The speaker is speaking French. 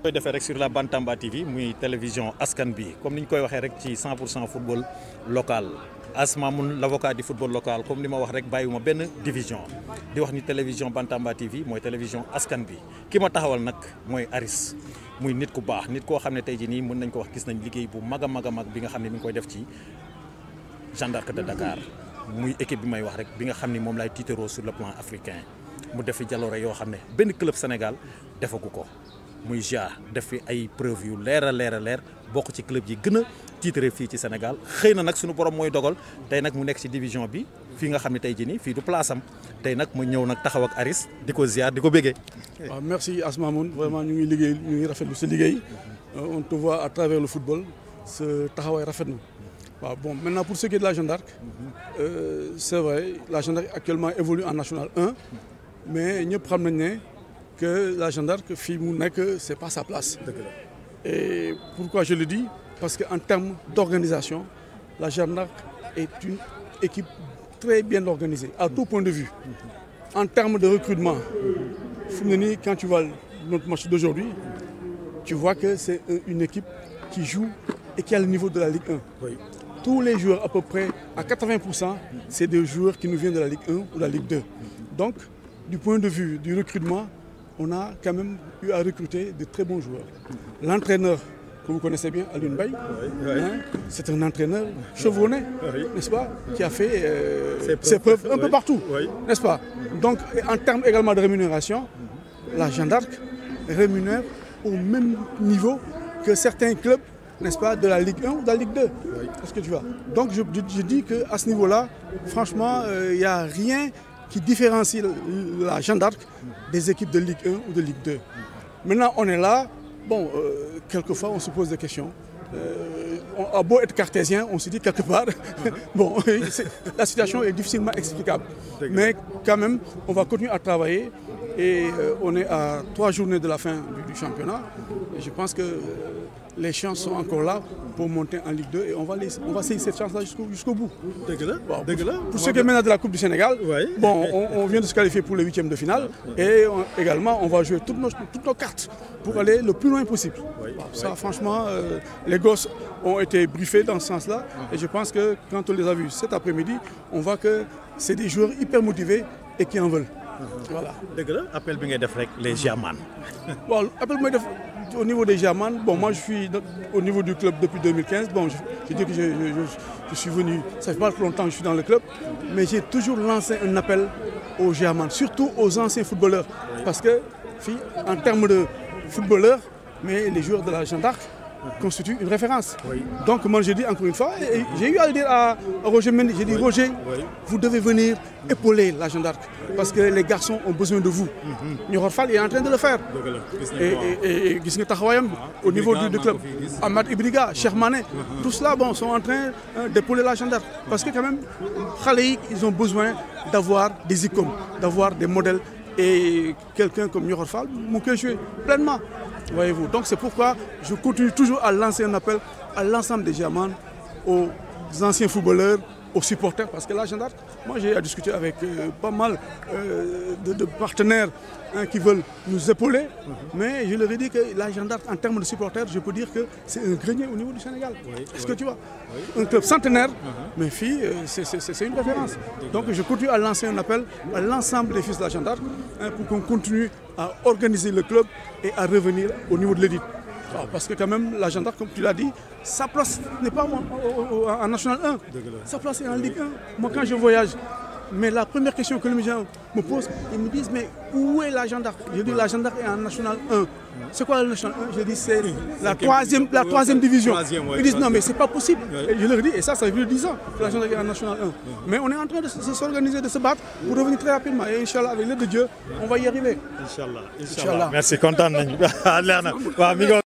koy defee rek sur la Bantamba TV muy télévision askan bi comme ni ñu koy waxee rek ci 100 football local Asma Moun, l'avocat du football local comme li ma wax rek bàyyiwuma benn division di wax ni télévision Bantamba TV mooy télévision askan bi ki ma taxawal nag mooy Aris muy nit ku baax nit ko xam ne tey mën nañ ko wax gis nañ liggéey bu maga maga mag bi nga xam ne mi ngi koy def ci gendarme de Dakar muy équipe bi may wax rek bi nga xam mom lay laay sur le plan africain mu defi jaloore yo xam ben club Sénégal defagu ko muy ja def fi ay preuve yu leer a leer a leer bokk ci club yi gën a tiitre fii ci Sénégal xëy na nag suñu borom mooy dogal tey nag mu nekk ci division bi fii nga xam ne tey jii nii fii du place am tey nag mu ñëw nag taxaw ak Aris di ko ziar di ko béggee. waaw merci Asmamoun vraiment ñu ngi liggéey ñu ngi rafetlu sa liggéey euh, on te voit à travers le football sa taxawaay rafet na waaw bon maintenant pour ce qui est de la Jeanne d'Arc euh, c'est vrai la Jeanne d'Arc actuellement évolue en National 1 mais ñëpp xam nañ ne que la Jeanne d'Arc que c'est pas sa place et pourquoi je le dis parce qu'en termes d'organisation la Gendarme est une équipe très bien organisée à tout point de vue en termes de recrutement quand tu vois notre match d'aujourd'hui tu vois que c'est une équipe qui joue et qui a le niveau de la Ligue 1 tous les joueurs à peu près à 80% c'est des joueurs qui nous viennent de la Ligue 1 ou de la Ligue 2 donc du point de vue du recrutement on a quand même eu à recruter de très bons joueurs. L'entraîneur que vous connaissez bien, Alun Bay, hein, c'est un entraîneur chevronné, n'est-ce pas, qui a fait euh, ses preuves un peu partout, n'est-ce pas Donc, en termes également de rémunération, la Jeanne d'Arc rémunère au même niveau que certains clubs, n'est-ce pas, de la Ligue 1 ou de la Ligue 2. que tu Donc, je, dis qu'à ce niveau-là, franchement, euh, il n'y a rien qui différencie la Jeanne d'Arc des équipes de Ligue 1 ou de Ligue 2. Maintenant, on est là, bon, euh, quelquefois on se pose des questions. Euh, on a beau être cartésien, on se dit quelque part, bon, la situation est difficilement explicable. Mais quand même, on va continuer à travailler et euh, on est à trois journées de la fin du, championnat. Et je pense que euh, les chances sont encore là pour monter en Ligue 2 et on va, essayer cette chance-là jusqu'au bout. pour, ceux qui mènent à de la Coupe du Sénégal, bon, on, vient de se qualifier pour les huitièmes de finale et également on va jouer toutes nos, cartes pour aller le plus loin possible. ça, franchement, euh, les gosses ont été briefés dans ce sens-là et je pense que quand on les a vus cet après-midi, on voit que c'est des joueurs hyper motivés et qui en veulent voilà De appel les germans au niveau des germans, bon moi je suis au niveau du club depuis 2015 bon je, dis que je, suis venu ça fait pas longtemps que je suis dans le club mais j'ai toujours lancé un appel aux germans, surtout aux anciens footballeurs parce que en termes de footballeurs mais les joueurs de la Jeanne constitue une référence. Donc moi j'ai dit encore une fois, j'ai eu à le dire à Roger Mendy, j'ai dit Roger, vous devez venir épauler la Jeanne parce que les garçons ont besoin de vous. Mhm. Nior est en train de le faire. Et Gis ah, au niveau du, club, Ahmad Ibriga, mhm. Cheikh Mané, mhm. tout cela bon, sont en train euh, d'épauler la Jeanne parce que quand même, ils ont besoin d'avoir des icônes, d'avoir des modèles et quelqu'un comme Nirofal, Mouké peut jouer pleinement. Voyez-vous. Donc c'est pourquoi je continue toujours à lancer un appel à l'ensemble des germans aux anciens footballeurs, aux supporters, parce que l'agenda, moi j'ai discuté avec euh, pas mal euh, de, partenaires hein, qui veulent nous épauler, mhm. mais je leur ai dit que la en termes de supporters, je peux dire que c'est un grenier au niveau du Sénégal. Est-ce que tu vois Un club centenaire, mhm. Mes filles, euh, c'est une référence. Donc je continue à lancer un appel à l'ensemble des fils de la gendarme hein, pour qu'on continue à organiser le club et à revenir au niveau de l'élite. Ah, parce que quand même, la gendarme, comme tu l'as dit, sa place n'est pas en, National 1, sa place est en Ligue 1. Moi quand je voyage, mais la première question que me gens me posent, ils me disent, mais où est l'agenda Je dis, l'agenda est en National 1. C'est quoi le National 1 Je dis, c'est la troisième, la division. Ils disent, non, mais c'est pas possible. je leur dis, et ça, ça fait 10 ans que l'agenda est en National 1. Mais on est en train de s'organiser, de se battre pour revenir très rapidement. Et Inch'Allah, avec l'aide de Dieu, on va y arriver. Inch'Allah. Inch'Allah. Merci, content.